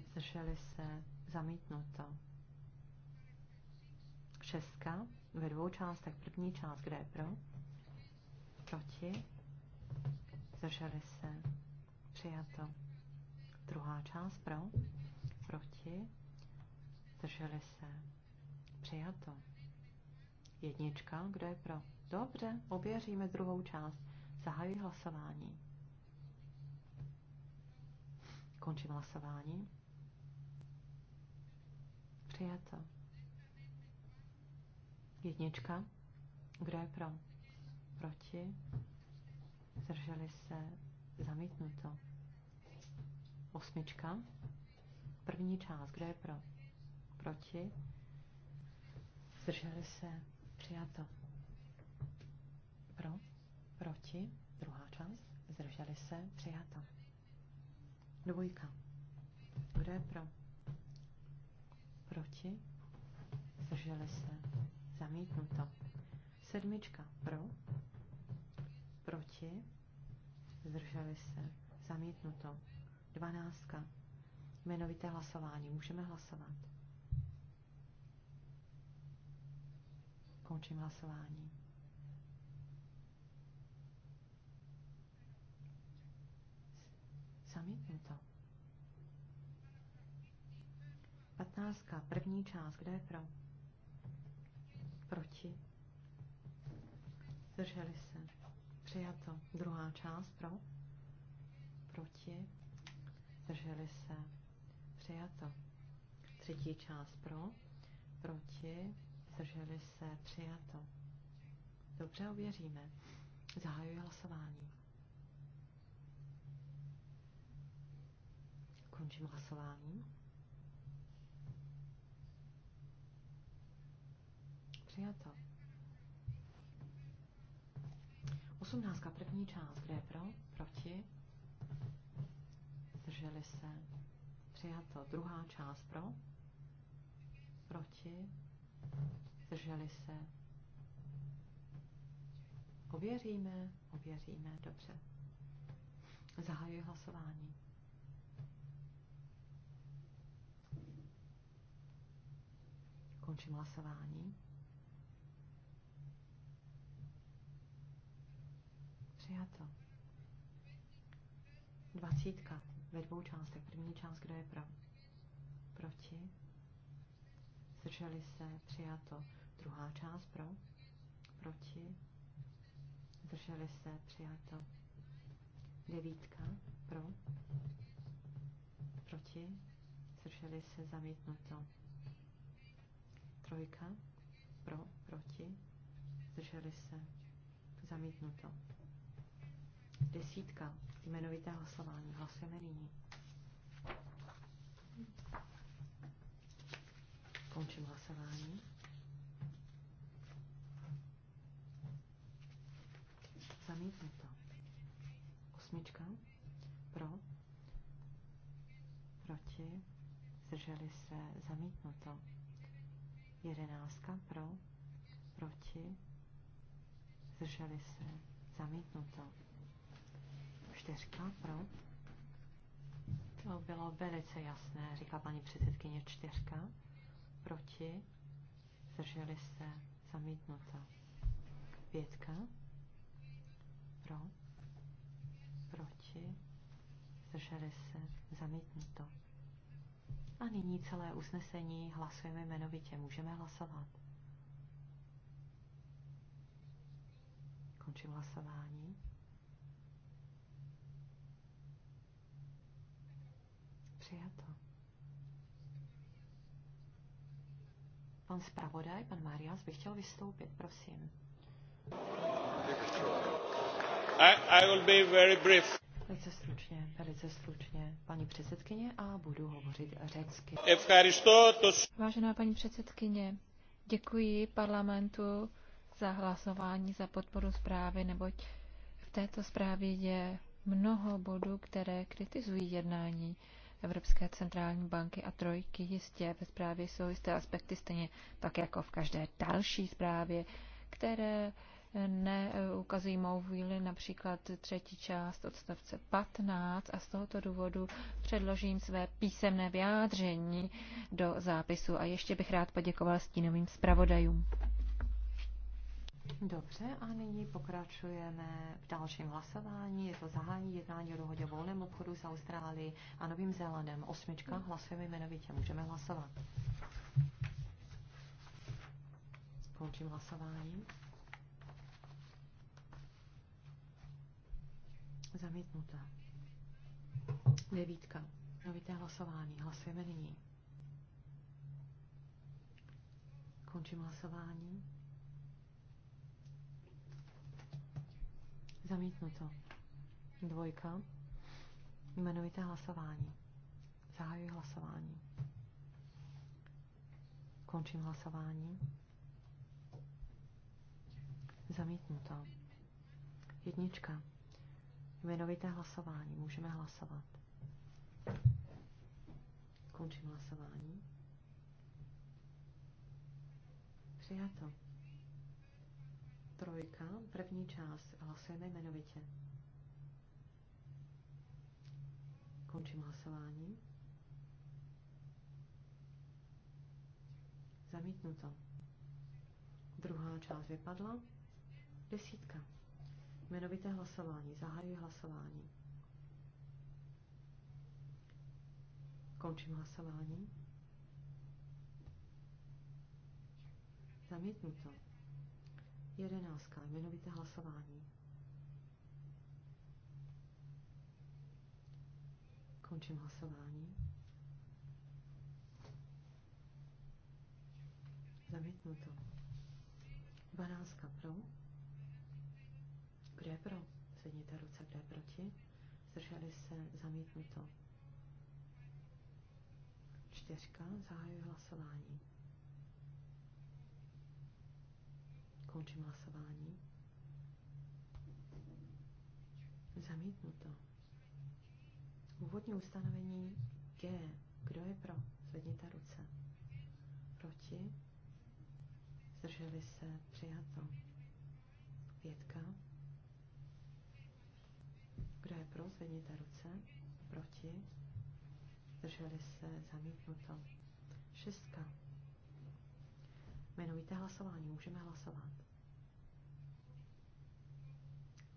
Zdrželi se. Zamítnuto. Šestka. Ve dvou částech. První část, kde je pro. Proti. Zdrželi se. Přijato. Druhá část pro. Proti. Zdrželi se. Přijato. Jednička, kdo je pro? Dobře, ověříme druhou část. Zahajuji hlasování. Končím hlasování. Přijato. Jednička. Kdo je pro? Proti? Zdrželi se? Zamítnuto. Osmička. První část. Kdo je pro? Proti? Zdrželi se? Přijato. Pro. Proti. Druhá část. Zdrželi se. Přijato. Dvojka. Kdo je pro? Proti. Zdrželi se. Zamítnuto. Sedmička. Pro. Proti. Zdrželi se. Zamítnuto. Dvanáctka. Jmenovité hlasování. Můžeme hlasovat. Končím hlasování. to. Patnáctka, První část. kde je pro? Proti? Zdrželi se. Přijato. Druhá část. Pro? Proti? Zdrželi se. Přijato. Třetí část. Pro? Proti? zdrželi se, přijato. Dobře, uvěříme. Zahajuji hlasování. Končím hlasování. Přijato. 18. první část. Kde je pro? Proti? Zdrželi se. Přijato. Druhá část pro? Proti? zdrželi se. Ověříme, ověříme, dobře. Zahajuji hlasování. Končím hlasování. Přijato. Dvacítka ve dvou částech. První část, kdo je pro? Proti? zdrželi se, přijato. Druhá část pro, proti, zdrželi se, přijato. Devítka pro, proti, zdrželi se, zamítnuto. Trojka pro, proti, zdrželi se, zamítnuto. Desítka jmenovitého hlasování, hlasujeme nyní. Končím hlasování. to. Osmička. Pro. Proti. Zdrželi se. to. Jedenáctka. Pro. Proti. Zdrželi se. to. Čtyřka pro. To bylo velice jasné, říká paní předsedkyně čtyřka proti, zdrželi se, zamítnuto. Pětka, pro, proti, zdrželi se, zamítnuto. A nyní celé usnesení hlasujeme jmenovitě. Můžeme hlasovat. Končím hlasování. Přijato. Pan zpravodaj, pan Marias, by chtěl vystoupit, prosím. I, I will be very brief. Velice stručně, velice stručně, paní předsedkyně, a budu hovořit řecky. Vážená paní předsedkyně, děkuji parlamentu za hlasování, za podporu zprávy, neboť v této zprávě je mnoho bodů, které kritizují jednání Evropské centrální banky a trojky jistě ve zprávě jsou jisté aspekty stejně tak jako v každé další zprávě, které eh, neukazují mou výli, například třetí část odstavce 15 a z tohoto důvodu předložím své písemné vyjádření do zápisu a ještě bych rád poděkoval stínovým zpravodajům. Dobře, a nyní pokračujeme v dalším hlasování. Je to zahájení jednání o dohodě o volném obchodu s Austrálií a Novým Zélandem. Osmička, hlasujeme jmenovitě, můžeme hlasovat. Končím hlasování. Zamítnuta. Devítka. Novité hlasování. Hlasujeme nyní. Končím hlasování. Zamítnuto. Dvojka. Jmenovité hlasování. Zahajuji hlasování. Končím hlasování. Zamítnuto. Jednička. Jmenovité hlasování. Můžeme hlasovat. Končím hlasování. Přijato trojka, první část, hlasujeme jmenovitě. Končím hlasování. Zamítnuto. Druhá část vypadla. Desítka. Jmenovité hlasování. Zahajuji hlasování. Končím hlasování. Zamítnuto. Jedenáctka, jmenovité hlasování. Končím hlasování. Zamítnuto. Dvanáctka pro. Kdo je pro? Zvedněte ruce, kdo je proti. Zdrželi se, zamítnuto. Čtyřka, zahajuji hlasování. Končím hlasování. Zamítnuto. Úvodní ustanovení G. Kdo je pro? Zvedněte ruce. Proti? Zdrželi se? Přijato. Pětka. Kdo je pro? Zvedněte ruce. Proti? Zdrželi se? Zamítnuto. Šestka. Jmenujte hlasování. Můžeme hlasovat.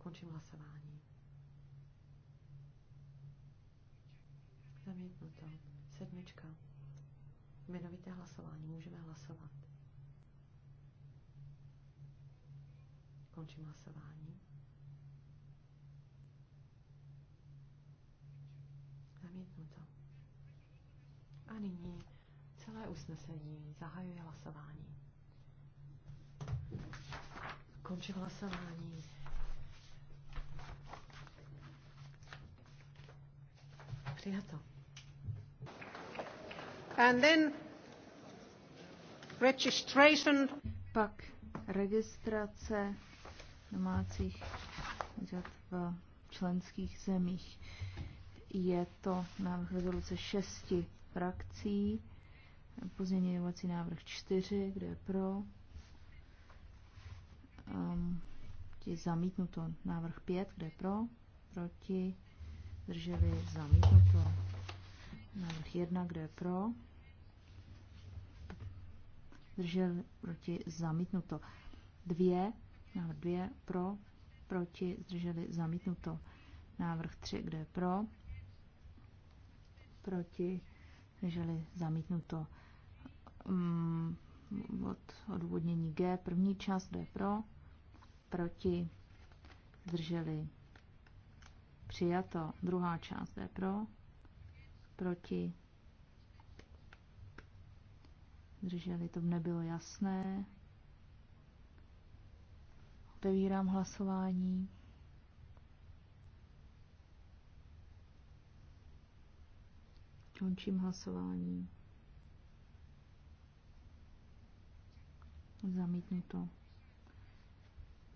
Končím hlasování. Zamítnuto. Sedmička. Jmenovité hlasování. Můžeme hlasovat. Končím hlasování. Zamítnuto. A nyní celé usnesení. Zahajuji hlasování. Končím hlasování. přijato. And then registration. Pak registrace domácích v členských zemích. Je to návrh rezoluce šesti frakcí, pozměňovací návrh čtyři, kde je pro. Um, ehm, je zamítnuto návrh pět, kde je pro, proti zdrželi, zamítnuto. Návrh 1, kdo je pro, Zdržel proti, zamítnuto. 2, návrh 2, pro, proti, zdrželi, zamítnuto. Návrh 3, kdo je pro, proti, zdrželi, zamítnuto. Um, od odůvodnění G, první část, kdo je pro, proti, zdrželi, zamítnuto. Přijato. Druhá část je pro. Proti. Drželi, to nebylo jasné. Otevírám hlasování. Končím hlasování. Zamítnuto.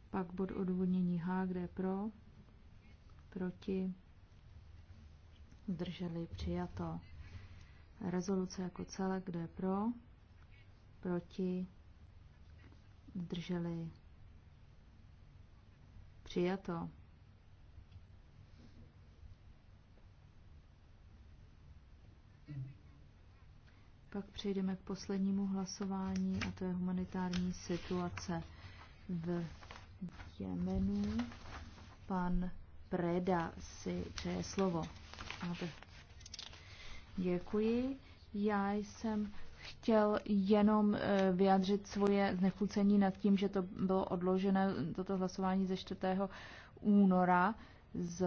Pak bod odvodnění H, kde je pro, proti, zdrželi, přijato. Rezoluce jako celek, kdo je pro, proti, zdrželi, přijato. Pak přejdeme k poslednímu hlasování a to je humanitární situace v Jemenu. Pan Preda si je slovo. Máte. Děkuji. Já jsem chtěl jenom eh, vyjádřit svoje znechucení nad tím, že to bylo odloženo, toto hlasování ze 4. února z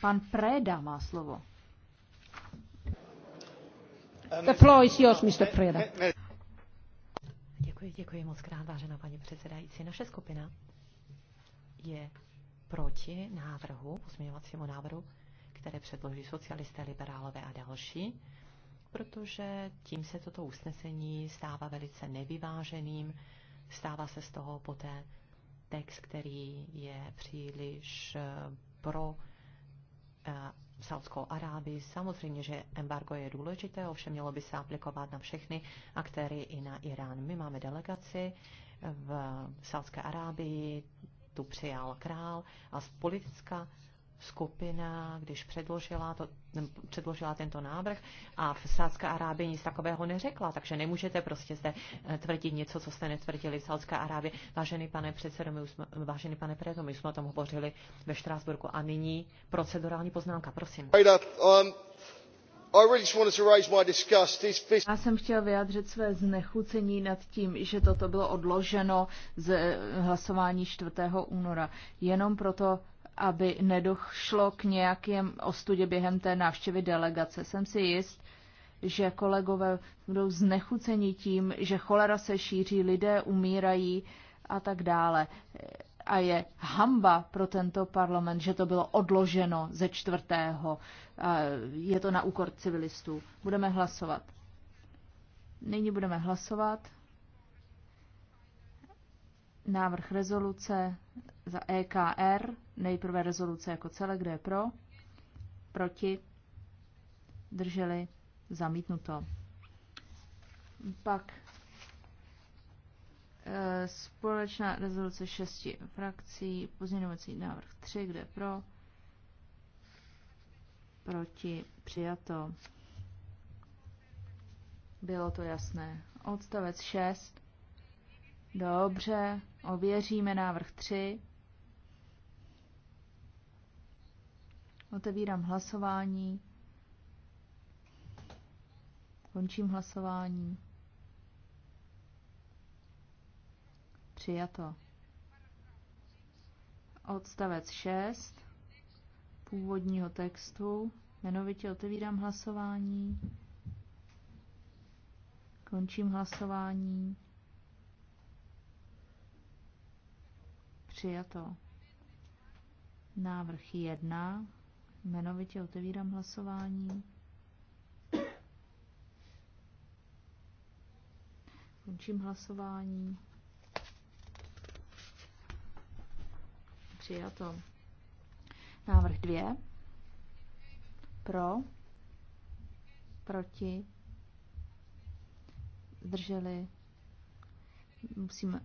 Pan Preda má slovo. The floor is yours, Mr. Preda. Děkuji, děkuji moc krát, vážená paní předsedající. Naše skupina je proti návrhu, pozměňovacímu návrhu, které předloží socialisté, liberálové a další, protože tím se toto usnesení stává velice nevyváženým, stává se z toho poté text, který je příliš pro eh, Saudskou Arábii. Samozřejmě, že embargo je důležité, ovšem mělo by se aplikovat na všechny aktéry i na Irán. My máme delegaci v Saudské Arábii, tu přijal král a politická skupina, když předložila to, předložila tento návrh a v Sádské Arábii nic takového neřekla, takže nemůžete prostě zde eh, tvrdit něco, co jste netvrdili v Sádské Arábii. Vážený pane předsedo, my jsme, vážený pane predo, my jsme o tom hovořili ve Štrásburku a nyní procedurální poznámka, prosím. Um, Já jsem chtěl vyjádřit své znechucení nad tím, že toto bylo odloženo z eh, hlasování 4. února. Jenom proto, aby nedošlo k nějakém ostudě během té návštěvy delegace. Jsem si jist, že kolegové budou znechuceni tím, že cholera se šíří, lidé umírají a tak dále. A je hamba pro tento parlament, že to bylo odloženo ze čtvrtého. Je to na úkor civilistů. Budeme hlasovat. Nyní budeme hlasovat. Návrh rezoluce za EKR, nejprve rezoluce jako celé, kde je pro, proti, drželi, zamítnuto. Pak eh, společná rezoluce šesti frakcí, pozměňovací návrh 3, kde pro, proti, přijato. Bylo to jasné. Odstavec 6. Dobře, Ověříme návrh 3. Otevírám hlasování. Končím hlasování. Přijato. Odstavec 6 původního textu. Jmenovitě otevírám hlasování. Končím hlasování. Přijato. Návrh 1. Jmenovitě otevírám hlasování. Končím hlasování. Přijato. Návrh 2. Pro. Proti. Zdrželi. Musíme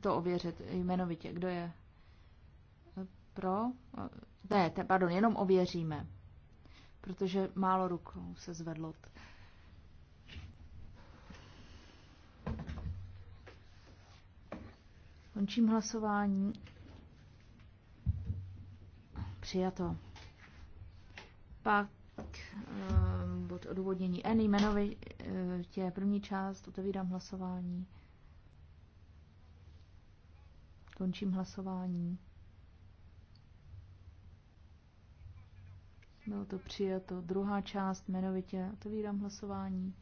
to ověřit jmenovitě. Kdo je pro? Ne, te, pardon, jenom ověříme, protože málo rukou se zvedlo. Končím hlasování. Přijato. Pak eh, bod odůvodnění N jmenovitě první část, otevírám hlasování. Končím hlasování. Bylo to přijato. Druhá část jmenovitě. Otevírám hlasování.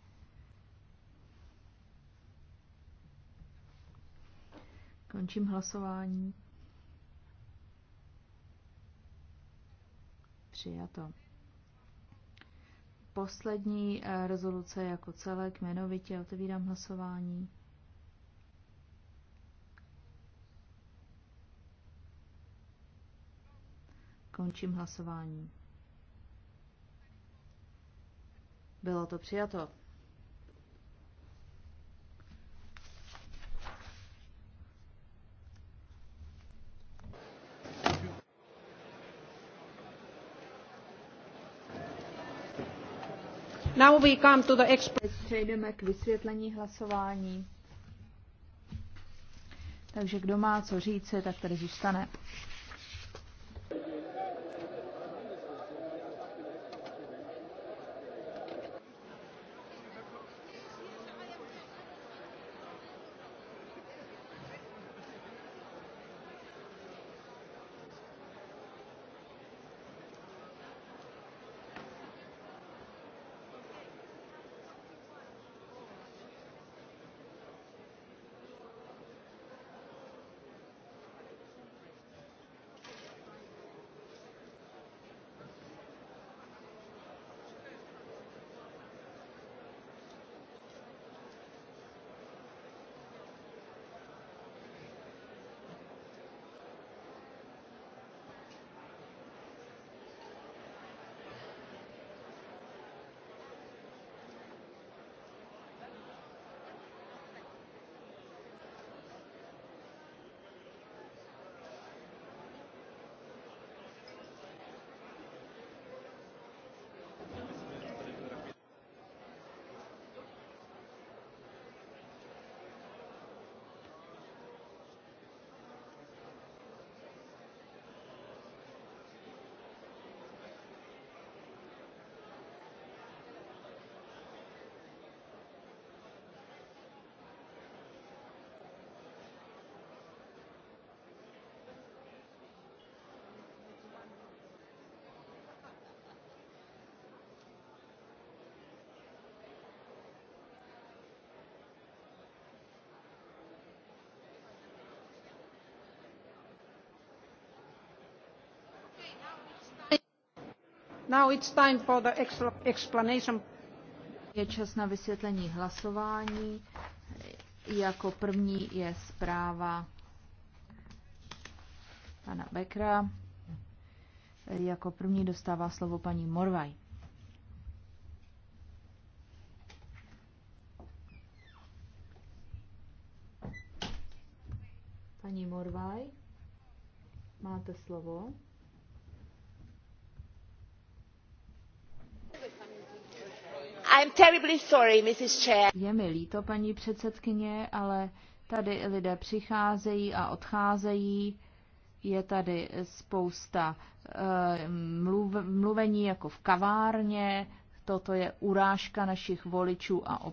Končím hlasování. Přijato. Poslední eh, rezoluce jako celek jmenovitě. Otevírám hlasování. Končím hlasování. Bylo to přijato. Now we come to the Přejdeme k vysvětlení hlasování. Takže kdo má co říct, tak tady zůstane. Je čas na vysvětlení hlasování. Jako první je zpráva pana Bekra. Jako první dostává slovo paní Morvaj. Paní Morvaj, máte slovo. Je mi líto, paní předsedkyně, ale tady lidé přicházejí a odcházejí. Je tady spousta uh, mluv, mluvení jako v kavárně. Toto je urážka našich voličů a občanů.